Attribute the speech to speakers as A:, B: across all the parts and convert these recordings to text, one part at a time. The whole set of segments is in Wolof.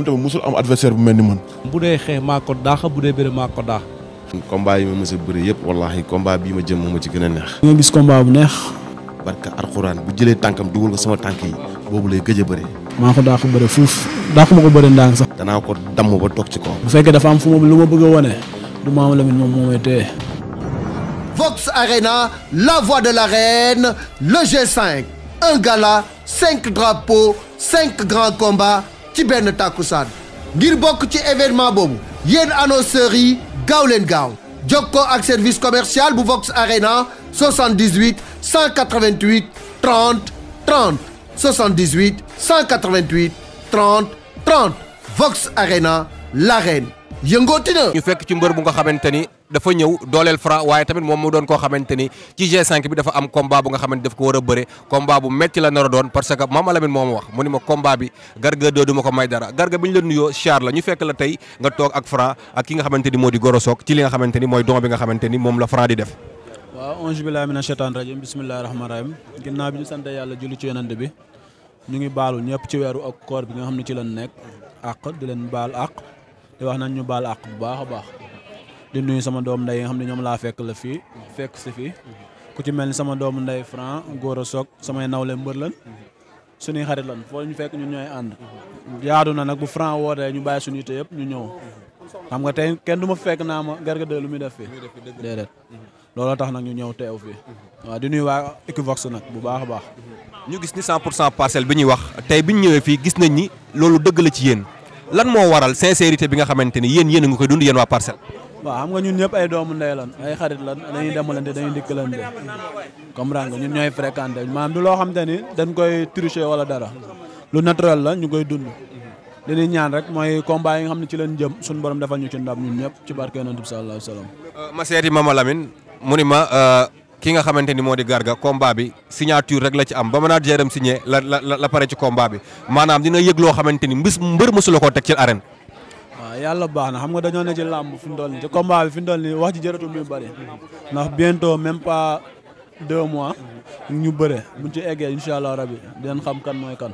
A: moom tamit mosul am adversaire bu mel ni man. bu dee xeex maa ko daax bu dee bëre maa ko daax.
B: combat yi ma mës a bëri yëpp wallaahi combat bii ma jëm moo ma ci gën a neex. nga
A: gis combat bu neex.
B: barka alxuraan bu jëlee tànkam dugal ko sama tànk yi boobu lay gëj a bëri.
A: maa ko daax bëri fuuf daax
B: ko bëri ndànk sax. danaa ko damm ba toog ci kaw. bu fekkee
A: dafa am fu mu lu ma bëgg a du ma am
C: la voix de l'arène le G5 un gala cinq drapeaux cinq ci benn tàkkusaan ngir bokk ci événement boobu yéen annonceurs yi gaaw leen gaaw jokkoo ak service commercial bu Vox Arena 78 188 30 30 78 188 30 30 Vox Arena l'arène yëngooti na. ñu fekk ci mbër bu nga xamante ni. dafa
D: ñëw dooleel Franc waaye tamit moom mu doon ko xamante ni ci G5 bi dafa am combat bu nga xamante daf ko war a bëre combat bu metti la nar a doon parce que Mama Lamine moo ma wax mu ni ma combat bi garga doo du ma ko may dara garga bi ñu la nuyoo char la ñu fekk la tey nga toog ak Franc ak ki nga xamante ni moo di Gora Sock ci li nga xamante ni mooy don bi nga xamante ni moom la Franc di def
A: waaw ange billahi mina shaytan rajim bismillahi rahmani bi ñu sante yàlla julli ci ngi baalu ñëpp ci weeru ak koor bi nga xam ne ci lan nekk àq baal àq di wax ñu baal bu baax a baax di sama doom ndey nga xam ne ñoom laa fekk la fii fekk si fii ku ci mel ni sama doomu ndey Franc Gora Sock samay nawle mbër lan suñuy xarit lan foo ñu fekk ñun ñooy ànd yaadu na nag bu Franc wootee ñu bàyyi suñu te yëpp ñu ñëw xam nga tey kenn du ma fekk naa ma Garga de lu muy def fii déedéet looloo tax nag ñu ñëw teew fii waaw di nuyu waa Equivox nag bu baax a baax
D: ñu gis ni 100 pour cent parcelle bi ñuy wax tey bi ñu ñëwee fii gis nañ ni loolu dëgg la ci yéen lan moo waral sincérité bi nga xamante ni yéen yéen a nga koy dund yéen waa parcelle
A: waaw xam nga ñun ñëpp ay doomu ndey lan ay xarit lan dañuy demalante dañuy dikkalante comprendre nga ñun ñooy fréquenté maanaam du loo xam ni dañ koy tricher wala dara lu naturel la ñu koy dund li ñuy ñaan rek mooy combat yi nga xam ne ci leen jëm suñu borom defal ñu ci ndam ñun ñëpp ci barke yonent bi sallallahu alayhi wa sallam
D: euh, ma seeti Mama mu ni ma euh, ki nga xamante ni moo di garga combat bi signature rek la ci am ba mënaat jëram signé la la la pare ci combat bi maanaam dina yëg loo xamante ni mbis mbër mësula koo teg ci arène
A: waaw yàlla baax na xam nga dañoo ne ci làmb fi mu toll nii ci combat bi fi mu toll nii wax ci jërëtul muy bëri ndax bientôt même pas deux mois ñu bëre mu ci eggee incha allah rabi dinañ xam kan mooy kan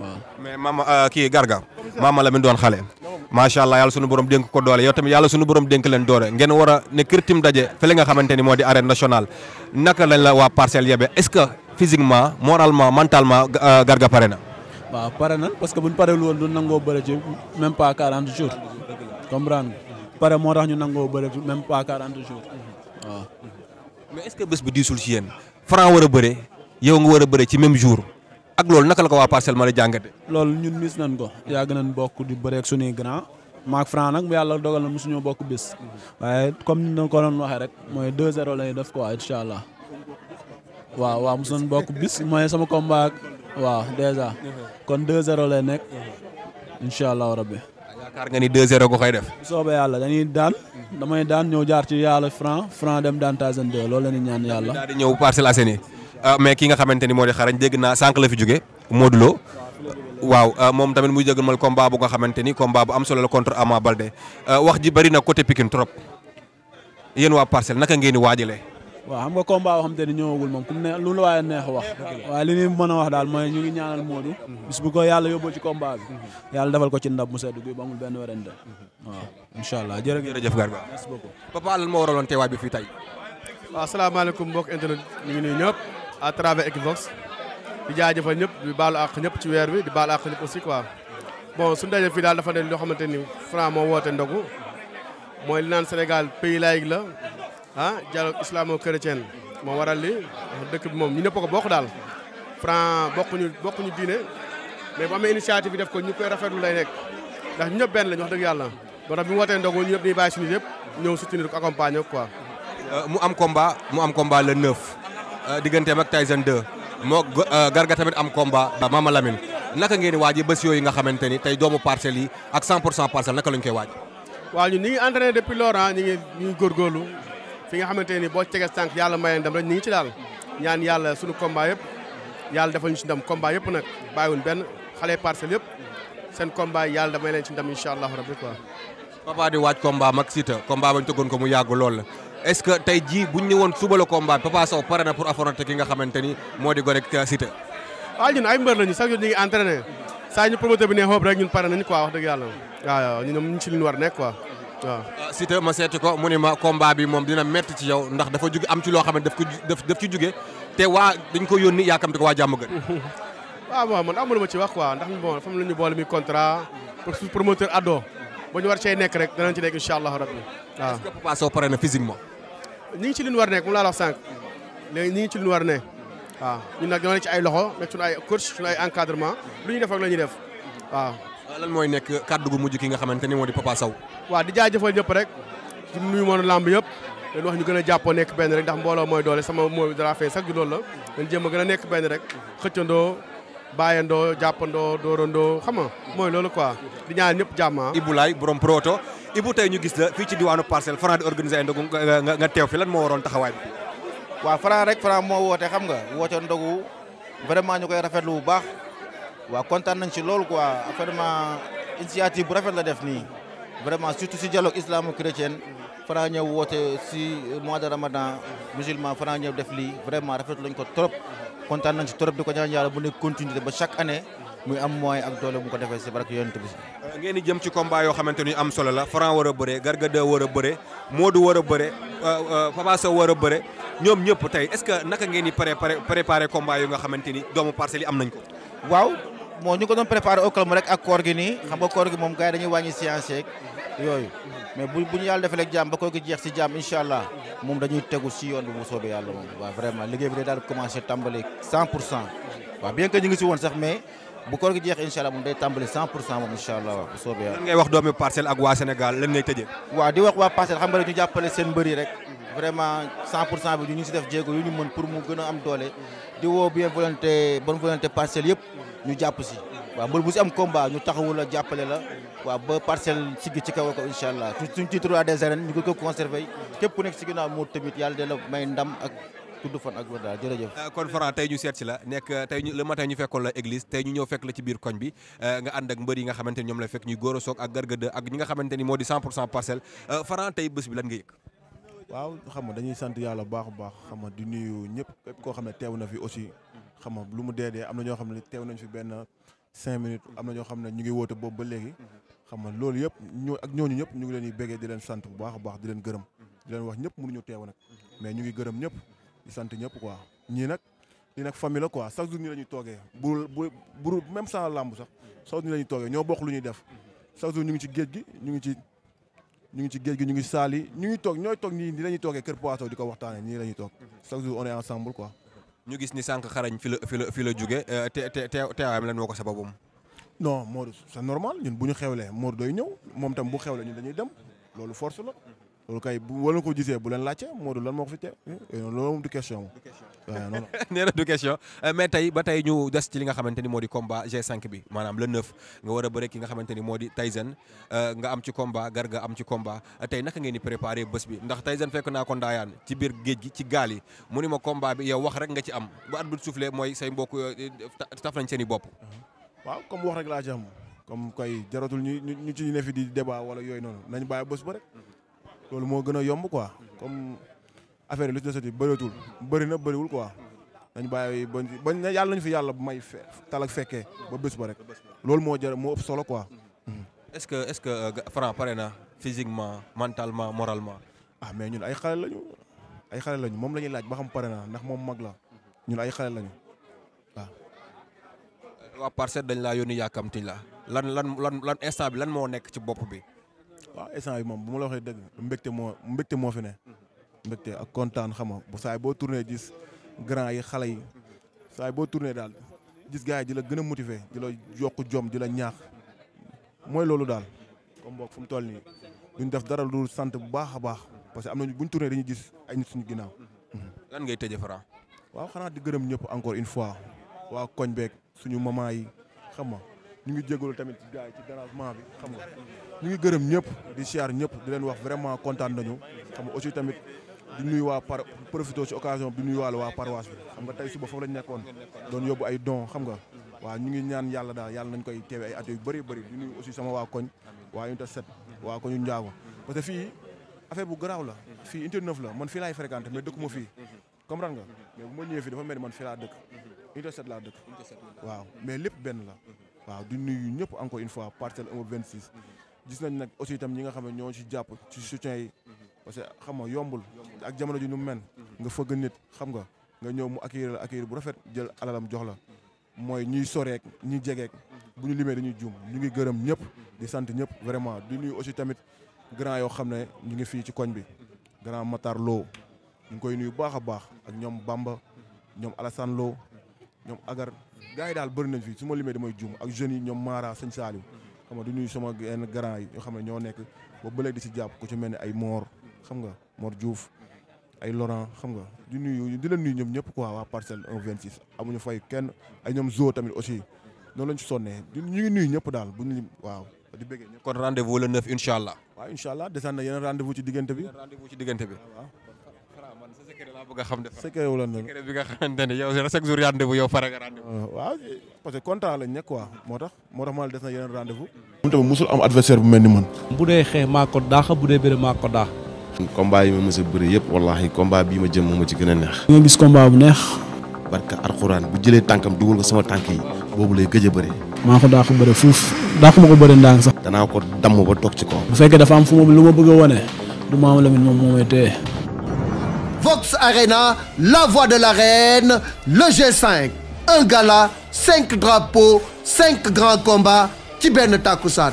A: waaw. mais maama euh, kii Garga maama la
D: mi doon xale. macha allah yàlla sunu borom dénk ko doole yow tamit yàlla sunu borom dénk leen doole ngeen war a ne kirtim daje fële nga xamante ni moo di arène national naka lañ la waa parcelle yebe est-ce que physiquement moralement mentalement Garga pare na.
A: waaw pare nan parce que buñ parewul woon du nangoo bëre ci même pas 40 jours comprendre nga pare moo tax ñu nangoo bëre ci même pas 40 jours waaw
D: mais ce que bés bi diisul ci yéen Franc war a bëre yow nga war a bëre ci même jour ak loolu naka la ko waa parcelle ma la jàngate
A: loolu ñun mis nañ ko yàgg nañ bokk di bëre ak suñuy grand maak Franc nag yàlla dogal na mosuñoo bokk bés comme ni na ko doon waxee rek mooy 2-0 lay def quoi incha allah waaw bis mooy sama combat waaw dèjà. kon 2-0 lay nekk. incha allahu rabbi. yaakaar
D: nga ni 2-0 ko koy def.
A: soobe soobee yàlla dañuy daan. damay daan ñëw jaar ci yàlla franc franc dem daan Tyson 2 loolu la ñaan yàlla. daal di
D: ñëw Parcelles Assainies ah, mais ki nga xamante ni moo di xarañ dégg naa sànq la fi jóge Modou Lo waaw ah, moom tamit muy jëgmal combat bu nga xamante ni combat bu am solo la contre Ama Baldé ah, wax ji bari na côté Pikine trop yéen waa Parcelles naka ngeen di waajalee.
A: waaw xam nga combat boo te ne ñëwagul moom ku ne lu la waaye neex wax waaye li ñuy mën a wax daal mooy ñu ngi ñaanal Modou mhm. bis bu ko yàlla yóbboo ci combat bi mhm. yàlla defal ko ci ndab mu sedd
B: bi ba amul benn werante mhm.
D: waaw incha allah jërëjëf Garga merci beaucoup
A: papa lan moo waraloon
D: teewaay bi fii tey
B: waaw asalaamaaleykum mbokk internet ñu ngi nuyu ñëpp à travers Equivox di jaajëfal ñëpp di baalu ñëpp ci weer bi di baalu àq ñëpp aussi quoi bon suñu daje fii daal dafa ne loo xamante ni Franc moo woote ndogu mooy li naan Sénégal pays laïque la ah dialogue islamo-chrétien moo waral li dëkk bi moom ñu ñëpp ko bokk daal franc bokkuñu ñu diine mais bu amee initiative bi def ko ñu rafet rafetlu lay nekk ndax ñu ñëpp benn lañu wax dëgg yàlla moo tax bi mu wootee ndogu ñu ñëpp dañuy bàyyi suñu yëpp ñëw soutenir ko accompagner ko quoi. Euh, mu am combat mu am combat le 9 euh, digganteem ak Tyson 2 moo
D: euh, Garga tamit am combat ba Mama Lamine naka ngeen di waaj bés yooyu nga xamante ni tey doomu parcelles yi ak 100 pour cent parcelles naka lañ koy waaj.
B: fi nga xamante ni boo tege tànk yàlla maye ndam rek ñu ngi ci daal ñaan yàlla suñu combat yëpp yàlla defal ñu ci ndam combat yëpp nag bàyyiwun benn xale parcelles yëpp seen combat yàlla damay leen ci ndam incha allahu rabbi
D: ko mu yàgg lool la est-ce que tey jii buñ ñu woon suba la combat papa Sow pare na pour affronter ki nga xamante ni moo di gone ak euh, Siteu
B: waaw ñun ay mbër lañu chaque jour ñu ngi entraîné saa ñu promoteur bi ne xoob rek ñun pare nañu quoi wax dëgg yàlla waaw waaw ñun ñu ci war nekk quoi waaw ah,
D: Siteu ma seeti ko mu ni ma combat bi moom dina métti ci yow ndax dafa jug am ci loo xam ne daf ko daf ci jugee te waa dañ ko yónni yaakamte ko waa jàmm gën
B: waaw waaw man amul ma ci wax quoi ndax bon fam la ñu boole mi contrat pour promoteur addoo ba ñu war cee nekk rek danañ ci nekk incha allahu rabbi waaw est-ce
D: que Papa Sow pare na physiquement
B: ñi ngi ci li ñu war nekk moom laa wax sànq léegi ñi ngi ci li ñu war ne waaw ñun nag ñoo nekk ci ay loxo nekk suñu ay coach suñu ay encadrement lu ñuy def ak la ñuy def waaw waaw lan mooy nekk
D: kàddu gu mujj ki nga xamante ni moo di Papa Sow.
B: waaw di jaajëfal ñëpp rek di nuyu woon làmb yëpp leen wax ñu gën a jàppoo nekk benn rek ndax mbooloo mooy doole sama mooy dara fee sax ju loolu la leen jéem a gën a nekk benn rek xëccandoo bàyyandoo jàppandoo dóorandoo xam nga mooy loolu quoi di ñaan ñëpp jàmma ah. Ibou Laye borom proto Ibou tey ñu gis la fii ci diwaanu parcelle Franc di organiser ay ndogu
C: nga teew fi lan moo waroon taxawaay bi waaw Franc rek Franc moo woote xam nga woote ndogu vraiment ñu koy rafetlu bu baax waaw kontaan nañ ci loolu quoi vraiment initiative bu rafet la def nii vraiment surtout si dialogue islamo-chrétien Franc ñëw woote si mois de ramadan musulman Franc ñëw def lii vraiment rafet lañ ko trop kontaan nañ ci trop di ko ñaan yàlla bu nekk continuité ba chaque année muy am moyen ak doole bu ko defee si barke yonent bi
D: euh, ngeen di jëm ci combat yoo xamante ni am solo la Franc war a bëre Garga 2 war a bëre Modou war a bëre euh, euh, Papa Sow war a bëre ñoom ñëpp tey est-ce que naka ngeen di préparé préparé combat yu nga xamante
C: ni doomu parcelles yi am nañ ko bon ñu ko doon préparé au calme rek ak koor gi nii xam nga koor gi moom gars yi dañuy wàññi séance yeeg yooyu mais bu bu ñu yàlla defalee jàmm ba koor gi jeex si jàmm incha allah moom dañuy tegu si yoon bi mu soobee yàlla moom waaw vraiment liggéey bi day daal commencé tàmbali 100 pour cent waaw bien que ñu ngi si woon sax mais bu koor gi jeex incha allah moom day tàmbali 100 pour cent moom incha allah waaw bu soobee yàlla lan ngay wax doomi parcelle ak waa Sénégal lan ngay tëjee waaw di wax waa parcelle xam nga rek ñu jàppale seen mbëri rek vraiment 100 pour cent bi ñu ngi si def jéego yu ñu mën pour mu gën a am doole di woo bien volonté bonne volonté parcelle yëpp ñu jàpp si waa mbër bu si am combat ñu taxawu la jàppale la waaw ba parcelle siggi ci kaw ko incha allah suñ titre roi des arènes ñu ngi ko conservé képp nekk si ginnaaw moo tamit yàlla de la may ndam ak tudd fan ak wér daal jërëjëf. Euh,
D: kon Franc ñu seet si la nekk euh, tey ñu le ñu fekkoon la église tey ñu ñëw fekk la ci biir koñ bi euh, nga ànd ak mbër yi nga xamante ni ñoom la fekk ñuy góor a soog ak gargade ak ñi nga xamante ni moo di 100 pour cent parcelle Franc tey bi lan nga
B: waaw
E: xam nga dañuy sant yàlla baax a baax xam nga di nuyu ñëpp képp koo xam ne teew na fi aussi. xam nga lu mu dee dee am na ñoo xam ne teew nañ fi benn cinq minutes am na ñoo xam ne ñu ngi woote boobu ba léegi. xam nga loolu yëpp ñoo ak ñooñu ñëpp ñu ngi leen di béggee di leen sant bu baax a baax di leen gërëm. di leen wax ñëpp mënuñu teew nag. mais ñu ngi gërëm ñëpp di sant ñëpp quoi ñii nag. li nag famille la quoi chaque jour ñu la ñuy toogee bu bu même sans làmb sax chaque ñu la ñuy toogee ñoo bokk lu ñuy def chaque ñu ngi ci géej gi ñu ngi ci ñu ngi ci géej gi ñu ngi saali ñu ngi toog ñooy toog nii nii la ñuy toogee Kër Poisson di ko waxtaanee nii la ñuy toog chaque jour on est ensemble quoi.
D: ñu gis ni sànq xarañ fi la fi la fi la jóge euh, te te teewaayam lan moo ko sababum.
E: non Modou c'est normal ñun bu ñu xewlee Modou dooy ñëw moom tam bu xewlee ñu dañuy dem loolu force la. loolu kay bu wala ko gisee bu leen laajte Modou lan moo ko fi tee eh, eh, loolu moom du question moom. waaw non non
D: nee na du question euh, mais tey ba tey ñu des ci li nga xamante ni moo di combat G5 bi maanaam le 9 nga war a bëre ki nga xamante ni moo di Tyson euh, nga am ci combat Garga am ci combat euh, tey naka ngeen di préparer bés bi ndax Tyson fekk naa ko ndaayaan ci biir géej gi ci gaal yi mu ni ma combat bi yow wax rek nga ci am bu at bu soufflé mooy say mbokk eh, taf nañ seen i bopp. Uh-huh.
E: waaw comme wax rek laa ci am comme kay jaratul ñu ñu ci ne fi di débat wala yooyu noonu nañ bàyyi bés ba rek. Uh-huh. loolu moo gën a yomb quoi comme affaire yi lu ci desati bëreetul bëri na bëriwul quoi nañ bàyyi bañ bañ ne yàlla nañu fi yàlla may talak fekkee ba bësu ba rek loolu moo jar moo ëpp solo quoi. Mm-hmm. est-ce que est-ce que euh, Franc pare na physiquement mentalement moralement. ah mais ñun ay xale lañu ay xale lañu moom la ñuy laaj ba xam pare na ndax moom mag la ñun ay xale lañu waaw. waa parcelle dañ laa yónni yàkkamti la lan lan lan lan instant lan moo nekk ci bopp bi. waaw instant yi moom bu ma la waxee dëgg mbégte moo mbégte moo fi ne mbégte ak kontaan xam nga bu saay boo tourné gis grand yi xale yi saay boo tourné daal gis gars yi di la gën a motiver di la yokk jom di la ñaax mooy loolu daal comme boog fu mu toll nii duñ def dara lu sant bu baax a baax parce que am nañu buñ tourné dañuy gis ay nit suñu ginnaaw lan ngay tëjee Franc waaw xanaa di gërëm ñëpp encore une fois waa koñ beeg suñu maman yi xam nga ñu ngi jégalu tamit ci gars ci dérangement bi xam nga ñu ngi gërëm ñëpp di siyaar ñëpp di leen wax vraiment kontaan nañu xam nga aussi tamit di nuyu waa par profité ci occasion bi nuyu waale waa paroisse bi xam nga tey suba foofu lañ nekkoon doon yóbbu ay don xam nga waaw ñu ngi ñaan yàlla daal yàlla nañ koy teewe ay at yu bëri bëri di nuyu aussi sama waa koñ waa unité sept waa koñu njaago parce que fii affaire bu garaaw la fii unité la man fi laay fréquenté mais dëkkuma fii comprendre nga mais bu ma ñëwee fii dafa mel ni man dëkk unité sept laa dëkk waaw mais lépp benn la waaw du nuyu ñëpp encore une fois parcelle un vingt six mhm. gis nañ nag aussi ñi nga xam ne ñoo ci jàpp ci soutien yi mhm. parce que xam nga yombul ak jamono ji nu mu mel mhm. nga fëgg nit xam nga nga ñëw mu accueillir la accueillir bu rafet jël alalam jox la mooy ñuy soreek ñi jegeek bu ñu limee dañuy juum ñu ngi gërëm ñëpp di sant ñëpp vraiment di nuyu aussi tamit grand yoo xam ne ñu ngi fii ci koñ bi grand Matar Lo ñu ngi koy nuyu baax a baax ak ñoom Bamba ñoom Alassane loo ñoom Agar gars yi daal bëri nañ fi su ma limee damay juum ak jeunes ñoom Mara Sëñ Saaliw xam nga du ñuy sama yenn grand yi yoo xam ne ñoo nekk ba bële di si jàpp ku ci mel ay Mor xam nga moor juuf ay Laurent xam nga di nuyu di leen nuyu ñoom ñëpp quoi waa parcelle 1 26 amuñu fay kenn ay ñoom zoo tamit aussi noonu lañ ci sonnee ñu ñëpp daal bu ñu waaw di bëggee
D: ñëpp kon rendez-vous le 9 incha allah.
E: allah desaan na rendez-vous ci diggante bi. rendez-vous ci diggante bi waaw. secret laa a xam def secret wu la ne secret euh, moom tamit mosul am
A: adversaire bu mel ni man bu dee xeex maa ko daax bu dee bëre maa ko daax
B: combat a bii ma jëm moo ma ci a neex boobu lay gëj a bëri
A: maa ko daax bëri fuuf daax ko bëri ndànk sax
B: danaa ko damm ba toog ci kaw bu fekkee
A: dafa am fu ma lu ma bëgg a wane du maam Lamine moom moo may
C: Vox Arena, la voix de l'arène, le G5. Un gala, cinq drapeaux, cinq grands combats ci benn takkusaan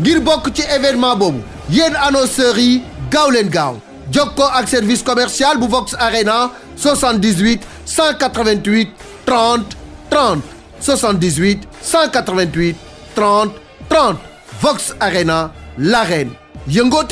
C: ngir bokk ci événement boobu yéen annonceurs yi gaaw gaaw jokkoo ak service commercial bu Vox Arena 78 188 30 30 78 188 30 30 Vox